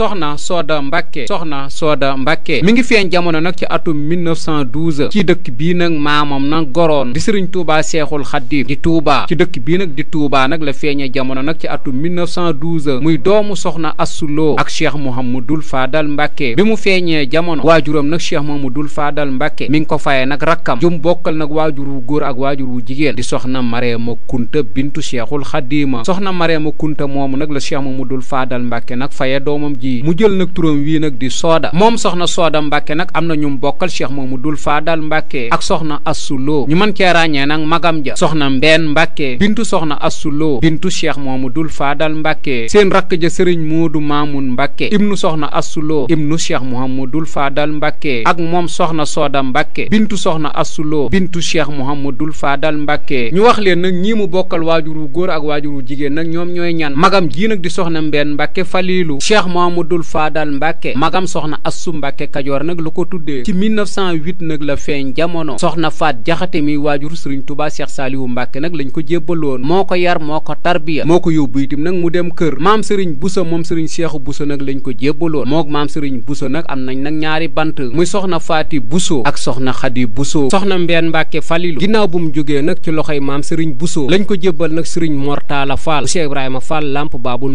soxna Soda Mbacke soxna Soda Mbacke mi ngi feeñ jamono nag ci atum 1912 ci dëkk bii nag maamam nag goroon di sëriñ Touba Seexul Xaddim di Touba ci dëkk bii nag di Touba nag la feeñee jamono nag ci atum 1912 muy doomu soxna Assuloo ak Cheikh Mouhamadul Fadal Mbacke bi mu feeñee jamono waajuram nag mu dul faadal Mbacke mi ngi ko fayee nag rakkam jum bokkal nag waajur wu góor ak waajur wu jigéen di soxna Mareema Kunta bintu Seexul Xaddima soxna Mareema Kunta moomu nag la Cheikh Mouhamadul Fadal Mbacke nag fayee jii mu jël nag turam wii nag di sooda moom soxna sooda mbàkke nag am na ñu bokkal cheikh mamadul faadal mbàkke ak soxna assuloo ñu mën cee ràññee nag magam ja soxna mbeen mbàkke bintu soxna assuloo bintu dul mamadul faadal mbàkke seen rakk ja sëriñ moodu maamun mbàkke ibnu soxna assuloo ibnu cheikh mouhamadul faadal mbàkke ak moom soxna sooda mbàkke bintu soxna assuloo bintu cheikh mouhamadul faadal mbàkke ñu wax leen nag ñii mu bokkal waajuru góor ak waajuru jigéen nag ñoom ñooy ñan magam jii nag di soxna mbeen mbàkke faliilu cheikh Mouhamadul Faadal Mbacke magam soxna Assu Mbacke Kajoor nag lu ko tuddee ci 1908 nag la feeñ jamono soxna Faat Jaxate mi waajur Serigne Touba Cheikh Saliou mbàkke nag lañ ko jébbaloon moo ko yar moo ko tarbiya moo ko yóbbu itam nag mu dem kër maam Serigne Bousso moom Serigne Cheikhu Bousso nag lañ ko jébbaloon mook maam Serigne Bousso nag am nañ nag ñaari bant muy soxna Faati Bousso ak soxna Xadi Bousso soxna Mbeen mbàkke Falilu ginnaaw bu mu jógee nag ci loxoy maam Serigne Bousso lañ ko jébbal nag Serigne Mortala Fall Cheikh Ibrahima Fall Lamp Baabul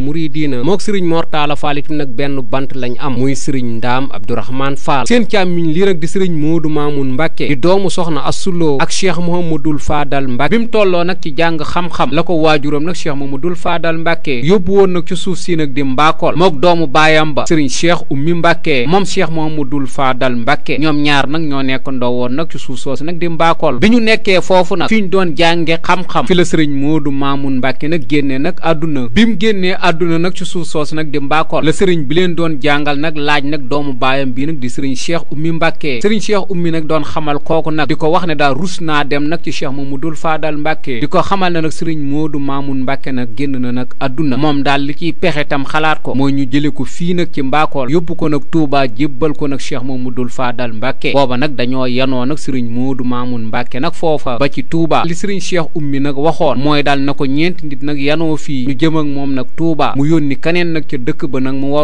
ak benn bant lañu am muy sëriñ ndaam abdourahman faal seen càmmiñ lii nag di sëriñ du maamun mbàkke di doomu soxna assuloo ak cheikh mohamadul faadal mbàkke bi mu tolloo nag ci jàng xam la ko waajuram nag cheikh mohamadul faadal mbàkke yóbbu woon nag ci suuf sii nag di mbaakool mook doomu baayam ba sëriñ cheikh ummi mbàkke moom cheikh mohamadul faadal mbàkke ñoom ñaar nag ñoo nekkandoo woon nag ci suuf soosu nag di mbaakool bi ñu nekkee foofu nag fi ñu doon jànge xam-xam fi la sëriñ moodu maamun mbàkke nag génnee nag àdduna bi mu génnee àdduna nag ci suuf soosu nag di mbaakool la sëriñ bi leen doon jàngal nag laaj nag doomu baayam bii nag di sëriñ Cheikh Oumy nag doon xamal kooku nag di ko wax ne daal rus naa dem nag ci Cheikh Mamadou Fadal Mbacke di ko xamal ne nag sëriñ Modou Mamoun Mbacke nag génn na nag adduna moom daal li ciy pexe tam xalaat ko mooy ñu jële ko fii nag ci mbaakool yóbbu ko nag Touba jébbal ko nag Cheikh Mamadou Fadal Mbacke booba nag dañoo yanoo nag sëriñ Modou Mamoun Mbacke nag foofa ba ci Touba li sëriñ Cheikh Oumy nag waxoon mooy na ko ñeenti nit nag yanoo fii ñu jëm ak moom nag Touba mu yónni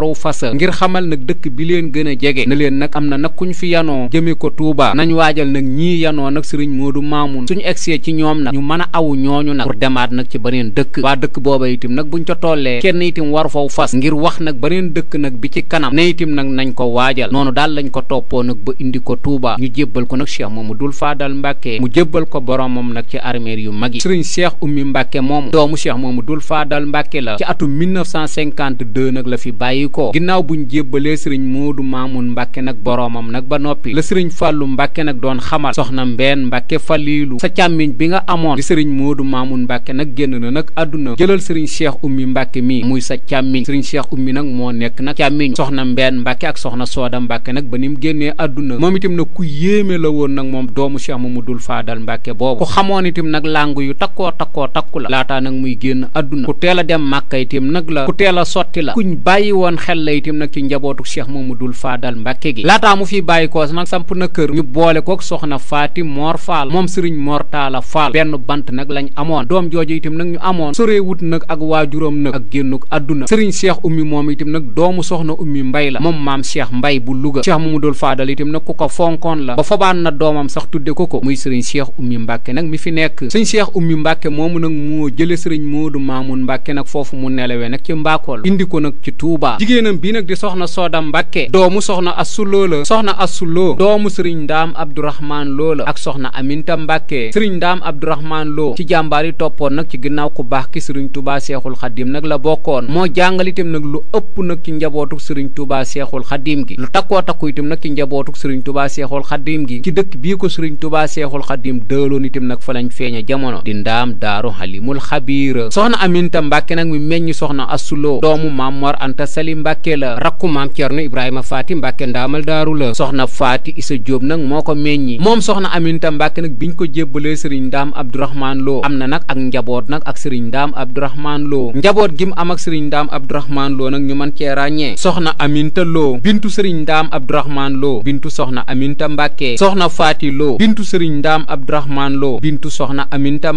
yaru fasa ngir xamal nag dëkk bi leen gën a jege na leen nag am na nag kuñ fi yanoo jëme ko Touba nañ waajal nag ñii yanoo nag sëriñ Moodu Maamun suñu egsee ci ñoom nag ñu mën a awu ñooñu nag pour demaat nag ci beneen dëkk waa dëkk booba itam nag buñ ca tollee kenn itam war faw fas ngir wax nag beneen dëkk nag bi ci kanam ne itam nag nañ ko waajal noonu daal lañ ko toppoo nag ba indi ko tuubaa ñu jébbal ko nag Cheikh Mamadou Fadal Mbacke mu jébbal ko boromam nag ci armeer yu mag yi sëriñ Cheikh Oumy Mbacke moomu doomu Cheikh Mamadou Fadal Mbacke la ci atum 1952 nag la fi ko ginnaaw buñ jébbalee sëriñ Moodu Maamun Mbàkke nag boroomam nag ba noppi la sëriñ Fàllu Mbàkke nag doon xamal soxna Mbeen Mbàkke Faliilu sa càmmiñ bi nga amoon di sëriñ Moodu Maamun Mbàkke nag génn na nag àdduna jëlal sëriñ Cheikh ummi Mbàkke mi muy sa càmmiñ sëriñ Cheikh Oumy nag moo nekk nag càmmiñ soxna Mbeen Mbàkke ak soxna Sooda Mbàkke nag ba ni mu génnee àdduna moom itam na ku yéeme la woon nag moom doomu mu dul Faadal Mbàkke boobu ku xamoon itam nag làngu yu takkoo takkoo takku la laataa nag muy génn àdduna ku teel a dem màkka xel la itam nag ci njabootu cheikh dul faadal mbàkke gi laataa mu fiy bàyyikoos nag samp na kër ñu boole kook soxna faati moor faal moom sëriñ moor taala faal benn bant nag lañ amoon doom jooju itam nag ñu amoon wut nag ak waajuram nag ak génnuk àdduna sëriñ cheikh ummi moom itam nag doomu soxna ummi mbay la moom maam cheikh mbay bu luga mu mamadul faadal itam nag ku ko fonkoon la ba fobaan na doomam sax tudde ko ko muy sëriñ cheikh ummi mbàkke nag mi fi nekk sëriñ cheikh ummi mbàkke moomu nag moo jële sëriñ moodu maamun mbàkke nag foofu mu nelewe nag ci mbaakool indi ko nag ci tuubaa jigéenam bi nag di soxna Sooda Mbàkke doomu soxna Assu Lo la soxna Assu Lo doomu sëriñ Ndaam Abdourahman Lo la ak soxna Aminta Mbàkke sëriñ Ndaam Abdourahman Lo ci jàmbaar toppoon nag ci ginnaaw ku baax ki sëriñ Touba Seexul Xadim nag la bokkoon moo jàngal itam nag lu ëpp nag ci njabootu sëriñ tubaa Seexul Xadim gi lu takkoo takku itam nag ci njabootu sëriñ Touba Seexul Xadim gi ci dëkk bii ko sëriñ Touba Seexul Xadim dëloon itam nag fa lañ feeña jamono di Ndaam Daaru Halimul Xabiir soxna Aminta Xari Mbàkke la rakku maam Cerno Ibrahima Faati Mbàkke ndaamal daaru la soxna Faati Isa Jóob nag moo ko meññi moom soxna Aminta Mbàkke nag biñ ko jébbalee sëriñ Ndaam Abdourahmaan loo am na nag ak njaboot nag ak sëriñ Ndaam Abdourahmaan loo njaboot gi mu am ak sëriñ Ndaam Abdourahmaan Lo nag ñu man cee ràññee soxna Aminta Lo bintu sëriñ Ndaam Abdourahmaan Lo bintu soxna Aminta Mbàkke soxna Faati Lo bintu sëriñ Ndaam Abdourahmaan Lo bintu soxna Aminta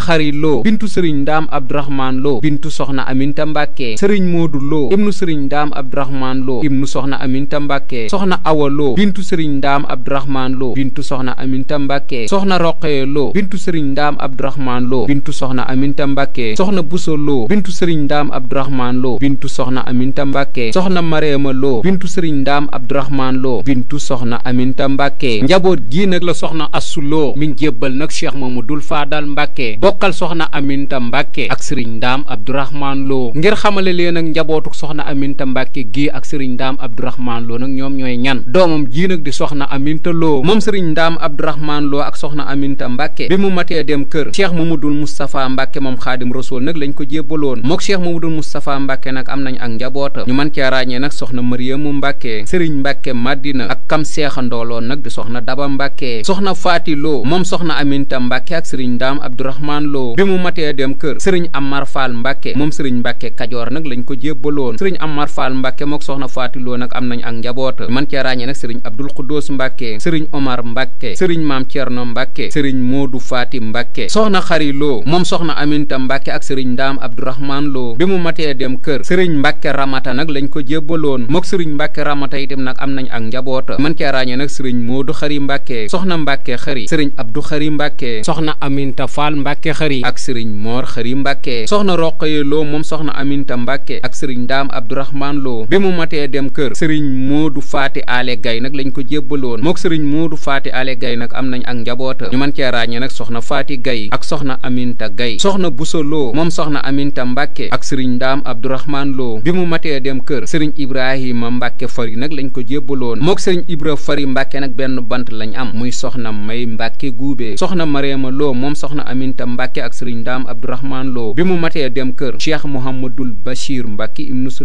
Xari Lo bintu sëriñ Ndaam Abdourahmaan Lo bintu soxna Aminta Mbàkke sëriñ Moodu Lo ibnu sëriñ ndaam abdurahmaan loo ibnu soxna aminta mbàkke soxna awa loo bintu sëriñ ndaam abdurahmaan loo bintu soxna aminta mbàkke soxna roqee loo bintu sëriñ ndaam abdurahmaan loo bintu soxna aminta mbàkke soxna buso loo bintu sëriñ ndaam abdurahmaan loo bintu soxna aminta mbàkke soxna mareema loo bintu sëriñ ndaam abdurahmaan loo bintu soxna aminta mbàkke njaboot gii nag la soxna assu loo mi ngi jébbal nag cheikh mamadul faadal mbàkke bokkal soxna aminta mbàkke ak sëriñ ndaam abdurahmaan loo ngir xamale leen ak njabootuk soxna soxna Aminta Mbacke gii ak sëriñ Ndaam Abdourahman Lo nag ñoom ñooy ñan doomam jii nag di soxna Aminta Lo moom sëriñ Ndaam Abdourahman Lo ak soxna Aminta Mbacke bi mu matee dem kër Cheikh Mamadou Moustapha Mbacke moom xaadim rasool nag lañ ko jébbaloon mook Cheikh Mamadou Moustapha Mbacke nag am nañ ak njaboota ñu mën cee ràññee nag soxna Mariamu Mbacke sëriñ Mbacke Madina ak kam seexandooloon nag soxna Daba Mbacke soxna Faati Lo moom soxna Aminta Mbacke ak sëriñ Ndaam Abdourahman Lo bi mu matee dem kër sëriñ Amar Fall Mbacke moom sëriñ Mbacke Kajoor nag lañ ko jébbaloon sëriñ Amar Fall Mbacke mook soxna Faati Lo nag am nañ ak njaboota mën cee ràññee nag sëriñ Abdul Xuddoos Mbacke sëriñ Omar Mbacke sëriñ Maam Cerno Mbacke sëriñ Moodu Faati Mbacke soxna Xari Lo moom soxna Aminta Mbacke ak sëriñ Ndaam Abdourahman Lo bi mu matee dem kër sëriñ Mbacke Ramata nag lañ ko jébbaloon mook sëriñ Mbacke Ramata itam nag am nañ ak njaboota mën cee ràññee nag sëriñ Moodu Xari Mbacke soxna Mbacke Xari sëriñ Abdou Xari Mbacke soxna Aminta Fall Mbacke Xari ak sëriñ Moor Xari Mbacke soxna Roqaye Lo moom soxna Aminta Mbacke ak sëriñ Ndaam Abdourahmane Lo bi mu matee dem kër sëriñ Modou Faty Alé gay nag lañ ko jébbaloon mook sëriñ du Faty Alé gay nag am nañ ak njaboota ñu mën cee ràññee nag soxna Faty Gaye ak soxna Aminta Gaye soxna Bousso Lo moom soxna Aminta Mbàkke ak sëriñ Ndaam Abdourahmane Lo bi mu matee dem kër sëriñ Ibrahima Mbàkke Fari nag lañ ko jébbaloon mook sëriñ Ibra Fari Mbàkke nag benn bant lañ am muy soxna May Mbàkke Guubee soxna Mariama Lo moom soxna Aminta Mbàkke ak sëriñ Ndaam Abdourahmane Lo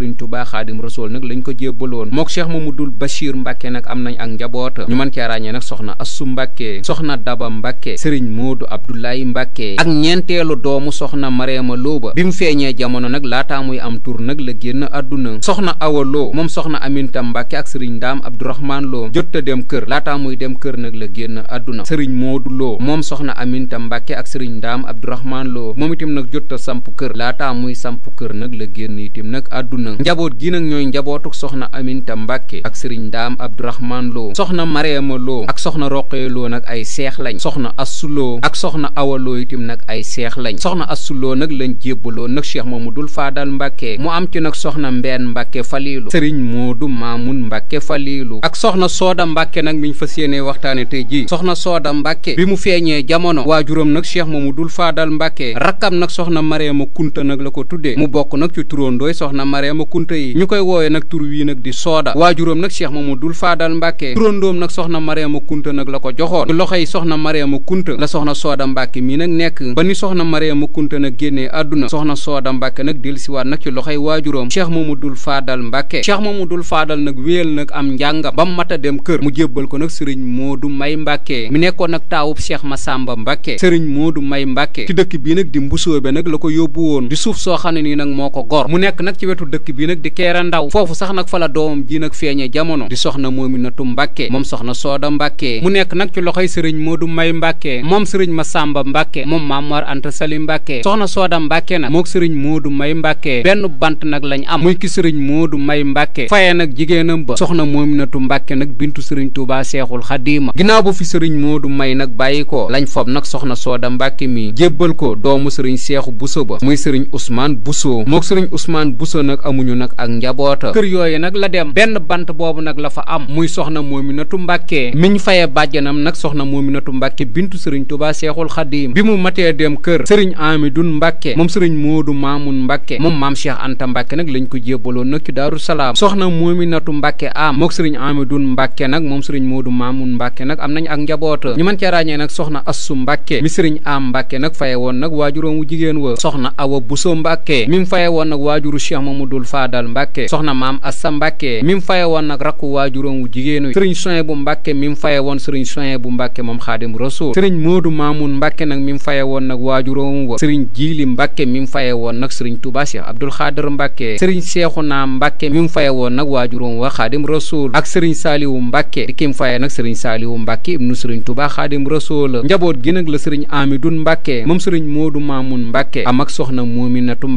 Serigne Touba Xaadim Rasool nag lañ ko jébbaloon mook Cheikh Mamadou Bachir Mbacke nag am nañ ak njaboota ñu mën cee ràññee nag soxna Assu Mbacke soxna Daba Mbacke Serigne Modou Abdoulaye Mbacke ak ñeenteelu doomu soxna Mariama Looba bi mu feeñee jamono nag laataa muy am tur nag la génn àdduna soxna Awa Lo moom soxna Aminta Mbacke ak Serigne Ndaam Abdourahmane Lo jot a dem kër laataa muy dem kër nag la génn àdduna Serigne Modou Lo moom soxna Aminta Mbacke ak Serigne Ndaam Abdourahmane nag jot a samp kër laataa muy samp kër nag la génn itam nag àdduna Mm. njaboot gi nag ñooy njabootuk soxna Aminta Mbàkke ak sëriñ Ndaam Abdourahman Lo soxna Mariama Lo ak soxna Roqee Lo nag ay seex lañ soxna Assu Lo ak soxna Awa Lo itam nag ay seex lañ soxna Assu Lo nag lañ jébbaloo nag mu dul faa dal Mbàkke mu am ci nag soxna Mbeen Mbàkke Faliilu sëriñ Moodu Maamun Mbàkke Faliilu ak soxna Sooda Mbàkke nag mi ñu fas yéenee waxtaane tey jii soxna Sooda Mbàkke bi mu feeñee jamono waajuram nag Cheikh Mamadul Faadal Mbàkke rakkam nag soxna Mariama Kunta nag la ko tuddee mu bokk nag ci turandooy soxna ba kunta yi ñu koy wooye nag tur wii nag di sooda waajuram nag cheikh mamadul faadal mbàkke turandoom nag soxna mariama kunta nag la ko joxoon ci loxoy soxna mariama kunta la soxna sooda mbàkke mi nag nekk ba ni soxna mariama kunta nag génnee àdduna soxna sooda mbàkke nag dellusiwaat nag ci loxoy waajuram cheikh mamadul faadal mbàkke cheikh mamadul faadal nag wéyal nag am njàngam ba mu mat a dem kër mu jébbal ko nag sëriñ moodu may mbàkke mi nekkoon nag taawub cheikh masamba mbàkke sëriñ moodu may mbàkke ci dëkk bii nag di mbusoobe nag la ko yóbbu woon di suuf soo xam ne nii nag moo ko gor mu nekk nag ci wetu dëkk dëkk bi nag di Kéré Ndaw foofu sax nag fa la doomam ji nag feeñe jamono di soxna Moominatu Mbàkke moom soxna Sooda Mbàkke mu nekk nag ci loxoy sëriñ Moodu May Mbàkke moom ma Masamba Mbàkke moom Maam Mor Anta Sali Mbàkke soxna Sooda Mbàkke nag mook sëriñ du May Mbàkke benn bant nag lañ am muy ki sëriñ du May Mbàkke fayee nag jigéenam ba soxna Moominatu Mbàkke nag bintu sëriñ Tuubaa Seexul Xadiima ginnaaw bu fi sëriñ moo du May nag bàyyi ko lañ fob nag soxna Sooda Mbàkke mi jébbal ko doomu sëriñ Seexu Buso ba muy sëriñ Ousmane Buso mook amuñu nag ak kër yooyu nag la dem benn bant boobu nag la fa am muy soxna Moominatu Mbàkke miñ fayee bàjjanam nag soxna Moominatu Mbàkke bintu sëriñ Tuubaa Seexul Xadiim bi mu matee dem kër sëriñ Amidun Mbàkke moom sëriñ Moodu Maamun Mbàkke moom maam Cheikh Anta Mbàkke nag lañ ko jébbaloon nag ci Daaru soxna soxna Moominatu Mbàkke am mook sëriñ Amidun Mbàkke nag moom sëriñ Moodu mun Mbàkke nag am nañ ak njaboota ñi man cee ràññee nag soxna Assu Mbàkke mi sëriñ Am Mbàkke nak faye woon nag waajuróom wu jigéen wa soxna Awa Buso Mbàkke mi mu faye woon nag waajuru Abdoul Fadal Mbacke soxna maam Assa Mbacke mi mu woon nag rakku waajuram wu jigéenu sëriñ soin bu Mbacke mi mu faye woon sëriñ soin bu Mbacke moom xaadim rasul sëriñ woon nag waajuram wa sëriñ Jiili Mbacke mi mu faye woon nag sëriñ Touba Cheikh Abdoul Xaadir Mbacke sëriñ Seexuna mi mu faye woon nag waajuram wa xaadim rasul ak sëriñ Saaliwu Mbacke di ki mu faye nag sëriñ Saaliwu Mbacke ibnu sëriñ Touba xaadim rasul njaboot gi nag la sëriñ Amidun Mbacke moom sëriñ Modou Mamoun Mbacke am ak soxna Moominatu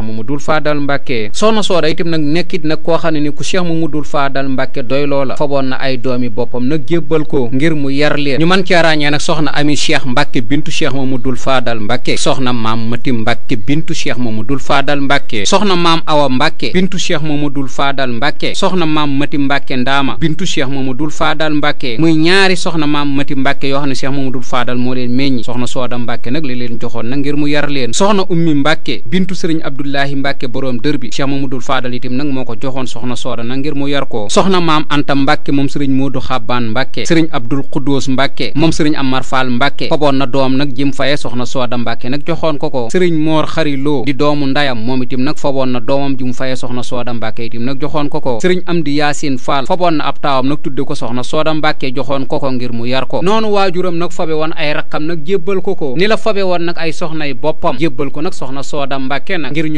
Cheikh Mamadou Fadal Mbacke soxna Soda itam nag nekkit nag koo xam ne ni ku Cheikh Mamadou Fadal Mbacke doy loola faboon na ay doomi boppam nag jébbal ko ngir mu yar leen ñu man cee ràññee nag soxna Ami Cheikh Mbacke bintu Cheikh Mamadou Fadal Mbacke soxna maam Mati Mbacke bintu Cheikh Mamadou Fadal Mbacke soxna maam Awa Mbacke bintu Cheikh Mamadou Fadal Mbacke soxna maam Mati Mbacke Ndaama bintu Cheikh Mamadou Fadal Mbacke muy ñaari soxna maam Mati Mbacke yoo xam ne Cheikh Mamadou Fadal moo leen meññi soxna Soda Mbacke nag li leen joxoon nag ngir mu yar leen soxna Ummi Mbacke bintu Abdoulahi Mbacke borom dër bi Cheikh Mamadou Fadal itam nag moo ko joxoon soxna Sooda nag ngir mu yar ko soxna maam Anta Mbacke moom sëriñ Modou Xabbaan Mbacke sëriñ Abdoul Khoudous Mbacke moom sëriñ Amar Fall Mbacke foboon na doom nag jim faye soxna Sooda Mbacke nag joxoon ko ko sëriñ Moor Xari Lo di doomu ndayam moom itam nag foboon na doomam jim faye soxna Sooda Mbacke itam nag joxoon ko ko sëriñ Amdi Yaasin Fall foboon na ab taawam nag tudde ko soxna Sooda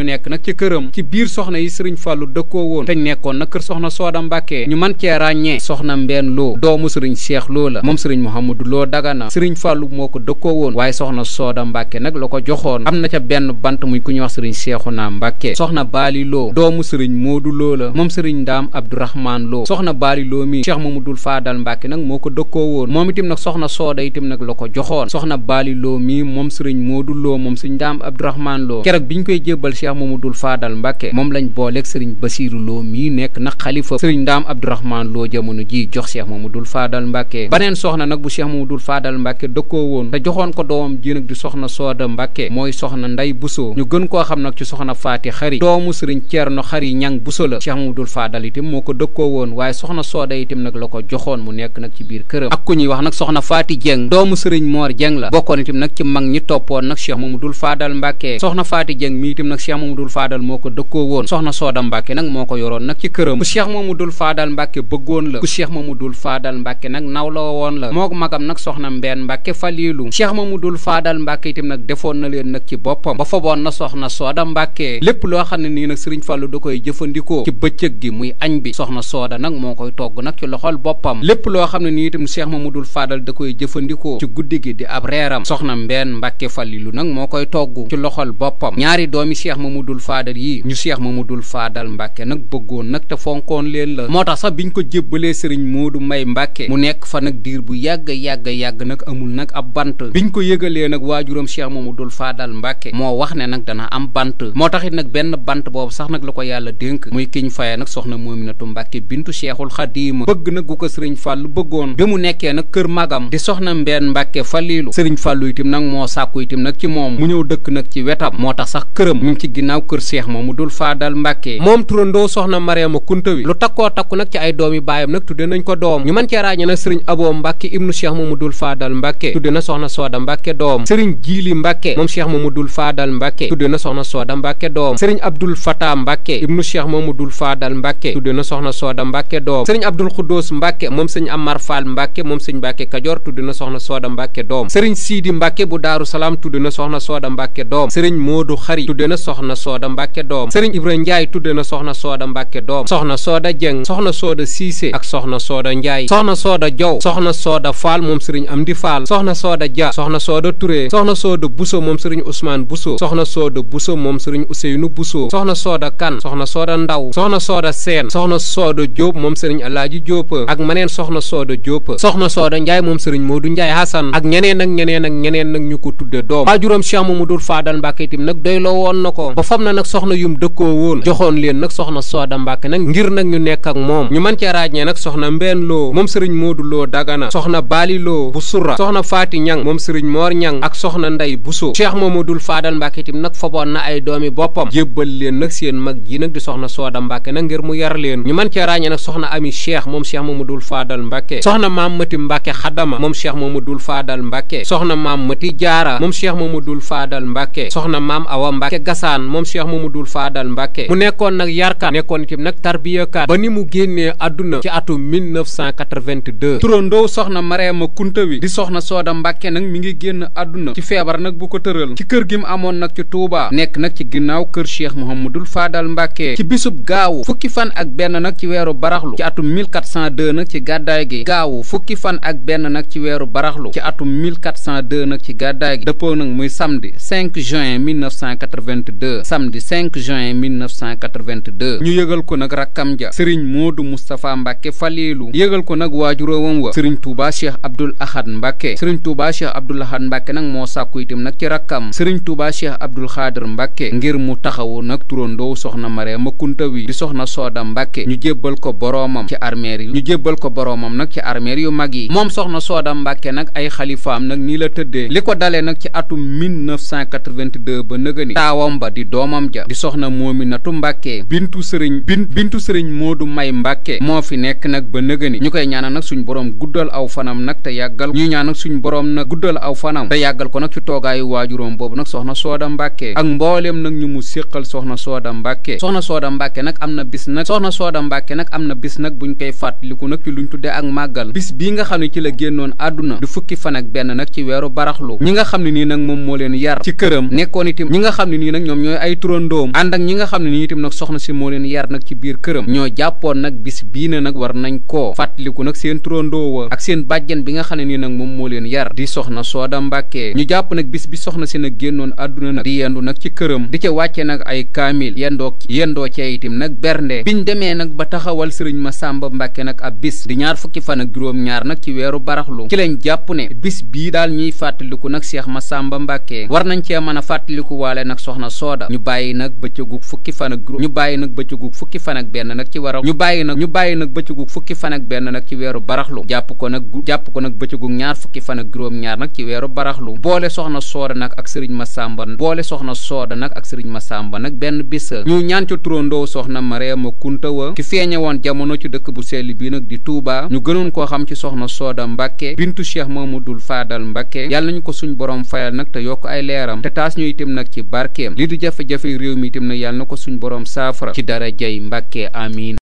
ñu nekk nag ci këram ci biir soxna yi sëriñ fàllu dëkkoo woon teñ nekkoon nag kër soxna sooda mbàkke ñu man cee ràññee soxna mbeen loo doomu sëriñ seex loo la moom sëriñ mouhamadou loo sëriñ fàllu moo ko dëkkoo woon waaye soxna sooda mbàkke nag la ko joxoon am na ca benn bant muy ku ñuy wax sëriñ seexuna mbàkke soxna baali loo doomu sëriñ moodu loo la moom sëriñ ndaam abdourahman loo soxna baali loo mi cheikh dul faadal mbàkke nag moo ko dëkkoo woon moom itam nag soxna sooda itam nag la ko joxoon soxna baali loo mii moom sëriñ moodu loo moom sëriñ ndaam abdourahman loo keroog biñ koy jébbal cheikh Cheikh Mamadou Fadal Mbacke moom lañ booleeg sëriñ Basiiru Lo mii nekk nag xalifa sëriñ Ndaam Abdourahman Lo jamono ji jox Cheikh Mamadou Fadal Mbacke baneen soxna nag bu Cheikh Mamadou Fadal Mbacke dëkkoo woon te joxoon ko doomam ji nag di soxna Sooda Mbacke mooy soxna Nday Buso ñu gën koo xam nag ci soxna Faati Xari doomu sëriñ Ceerno Xari Ñang Buso la Cheikh mu Fadal itam moo ko dëkkoo woon waaye soxna Sooda itam nag la ko joxoon mu nekk nag ci biir këram ak ku ñuy wax nag soxna Faati Jeng doomu sëriñ Moor Jeng la bokkoon itam nag ci mag ñi toppoon nag Cheikh Mamadou Mamadul Faadal moo ko dëkkoo woon soxna Sooda Mbàkke nag moo ko yoroon nag ci këram ku Cheikh Mamadul Faadal Mbàkke bëggoon la ku Cheikh ma Faadal Mbàkke nag nawloo woon la mook magam nag soxna Mbeen Mbàkke Faliilu Cheikh Mamadul Faadal Mbàkke itam nag defoon na leen nag ci boppam ba foboon na soxna Sooda Mbàkke lépp loo xam ne nii nag Sëriñ Fàllu da koy jëfandikoo ci bëccëg gi muy añ bi soxna Sooda nag moo koy togg nag ci loxol boppam lépp loo xam ne nii itam Cheikh Mamadul Faadal da koy jëfandikoo ci guddi gi di ab reeram soxna Mbeen Mbàkke Faliilu nag Mamadul Faadal yii ñu Cheikh Mamadul Faadal Mbàkke nag bëggoon nag te fonkoon leen la moo tax sax bi biñ ko jébbalee sëriñ Moodu may Mbàkke mu nekk fa nag diir bu yàgg yàgg yàgg nag amul nag ab bant biñ ko yëgalee nag waajuram Cheikh dul Faadal Mbàkke moo wax ne nag dana am bant moo taxit nag benn bant boobu sax nag la ko yàlla dénk muy kiñ faye nag soxna Moominatu Mbàkke bintu Cheikhul Xadiima bëgg nag gu ko sëriñ Fàllu bëggoon bi mu nekkee nag kër magam di soxna Mbeen Mbàkke Faliilu sëriñ Fàllu itam nag moo sàkku itam nag ci moom mu ñëw dëkk nag ginnaaw kër seex moomu dul faadal mbàkke moom turandoo soxna mariama kunta wi lu takkoo takku nag ci ay doomi baayam nag tudde nañ ko doom ñu mën cee ràññe nag sëriñ aboo mbàkke ibnu cheikh mamadul faadal mbàkke tudde na soxna sooda mbàkke doom sëriñ jiili mbàkke moom cheikh mamadul faadal mbàkke tudde na soxna sooda mbàkke doom sëriñ abdul fata mbàkke ibnu mu dul faadal mbàkke tudde na soxna sooda mbàkke doom sëriñ abdul xuddoos mbàkke moom sëriñ amar faal mbàkke moom sëriñ mbàkke kajoor tudde na soxna sooda mbàkke doom sëriñ siidi mbàkke bu daaru salaam tudde na soxna sooda mbàkke doom sëriñ moodu xari soxna sooda mbàkke doom sëriñ ibra njaay tudde na soxna sooda mbàkke doom soxna sooda jeng soxna sooda siise ak soxna sooda njaay soxna sooda jow soxna sooda faal moom sëriñ amdi faal soxna sooda ja soxna sooda ture soxna sooda buso moom sëriñ usmaan buso soxna sooda buso moom sëriñ useynu buso soxna sooda kan soxna sooda ndaw soxna sooda seen soxna sooda jóob moom sëriñ alaaji jóob ak maneen soxna sooda jóob soxna sooda njaay moom sëriñ moodu njaay hasan ak ñeneen ak ñeneen ak ñeneen nag ñu ko tudde doom waajuram cheikh mamadou faadal mbàkke itam nag doyloo woon na ko dëkkoon ba fab na nag soxna yum dëkkoo woon joxoon leen nag soxna Sooda Mbàkke nag ngir nag ñu nekk ak moom ñu man cee ràññee nag soxna Mbeen Loo moom sëriñ Moodu Loo Dagana soxna Baali Loo bu Sura soxna Faati Ñang moom sëriñ Moor Ñang ak soxna Ndey Buso Cheikh Mamadul Faadal Mbàkke itam nag faboon na ay doomi boppam jébbal leen nag seen mag ji nag di soxna Sooda Mbàkke nag ngir mu yar leen ñu man cee ràññee nag soxna Ami Cheikh moom Cheikh Mamadul Faadal Mbàkke soxna Maam Mati Mbàkke Xadama moom Cheikh dul Faadal Mbàkke soxna Maam Mati Jaara moom Cheikh Mamadul Faadal Mbàkke soxna Njaasaan moom Cheikh Mamadou Fadal Mbacke mu nekkoon nag yarkat nekkoon itam nag tarbiyakat ba ni mu génnee àdduna ci atum 1982 turandoo soxna Mariama Kunta wi di soxna Sooda Mbacke nag mi ngi génn àdduna ci feebar nag bu ko tëral ci kër gi mu amoon nag ci Touba nekk nag ci ginnaaw kër Cheikh Mouhamadul Fadal Mbacke ci bisub gaawu fukki fan ak benn nag ci weeru baraxlu ci atum 1402 nag ci gàddaay gi gaawu fukki fan ak benn nag ci weeru baraxlu ci atum 1402 nag ci gàddaay gi dëppoo nag muy samedi 5 juin 1982 1982 samedi 5 juin 1982 ñu yëgal ko nag rakkam ja sëriñ Moodu Moustapha Mbacke Faliilu yëgal ko nag waajuróowam wa sëriñ Touba Cheikh Abdoul Ahad Mbacke sëriñ Touba Cheikh Abdoul Ahad Mbacke nag moo sàkku itam nag ci rakkam sëriñ Touba Cheikh Abdoul Khader Mbacke ngir mu taxawu nag turandoo soxna Mariama Kunta wi di soxna Sooda Mbacke ñu jébbal ko boroomam ci armeer yi ñu jébbal ko boroomam nag ci armeer yu mag yi moom soxna Sooda Mbacke nag ay xalifaam nag nii la tëddee li ko dalee nag ci atum ba nëgëni taawam ba di di doomam ja di soxna moominatu mbàkke bintu sëriñ bin bintu sëriñ du may mbàkke moo fi nekk nag ba nëgëni ñu koy ñaanal nag suñu boroom guddal aw fanam nag te yàggal ñuy ñaan nag boroom nag guddal aw fanam te yàggal ko nag ci toogaayu waajuróom boobu nag soxna sooda mbàkke ak mbooleem nag ñu mu séqal soxna sooda mbàkke soxna sooda mbàkke nag am na bis nag soxna sooda mbàkke nag am na bis nag buñ koy fàttaliku nag ci luñ tuddee ak màggal bis bi nga xam ne ci la génnoon àdduna du fukki fan ak benn nag ci weeru baraxlu ñi nga xam ne nii nag moo leen yar ñooy ay turandoom ànd ak ñi nga xam ne nii itam nag soxna si moo leen yar nag ci biir këram ñoo jàppoon nag bis bii ne nag war nañ koo fàttaliku nag seen turandoo wa ak seen bàjjen bi nga xam ne ni nag moom moo leen yar di soxna Sooda Mbàkke ñu jàpp nag bis bi soxna si nag génnoon àdduna nag di yendu nag ci këram di ca wàcce nag ay kaamil yendoo yendoo cee itam nag bernde ñu demee nag ba taxawal sëriñ ma Masamba Mbàkke nag ab bis di ñaar fukki fan ak juróom-ñaar nag ci weeru baraxlu ci jàpp ne bis bii daal ñuy fàttaliku nag Seex Masamba Mbàkke war nañ sooda ñu bàyyi nag bëccëgug fukki fan ak ñu bàyyi nag bëccëgug fukki fan ak benn nag ci war ñu bàyyi nag ñu bàyyi nag bëccëgug fukki fan benn nag ci weeru baraxlu jàpp ko nag jàpp ko nag bëccëgug ñaar fukki fan ak juróom-ñaar nag ci weeru baraxlu boole soxna sooda nag ak sëriñ Masamba boole soxna sooda nag ak sëriñ Masamba nag benn bis ñu ñaan ca turandoo soxna Mareema Kunta wa ki feeñe woon jamono ci dëkk bu sell bi nag di tuubaa ñu gënoon koo xam ci soxna sooda Mbàkke bintu Cheikh dul Faadal Mbàkke yàlla nañu ko suñ borom fayal nag te yokk ay leeram te nag ci barkeem jafe-jafe réew mi itam na yàlla na ko suñ borom saafara ci dara jay mbàkke amiin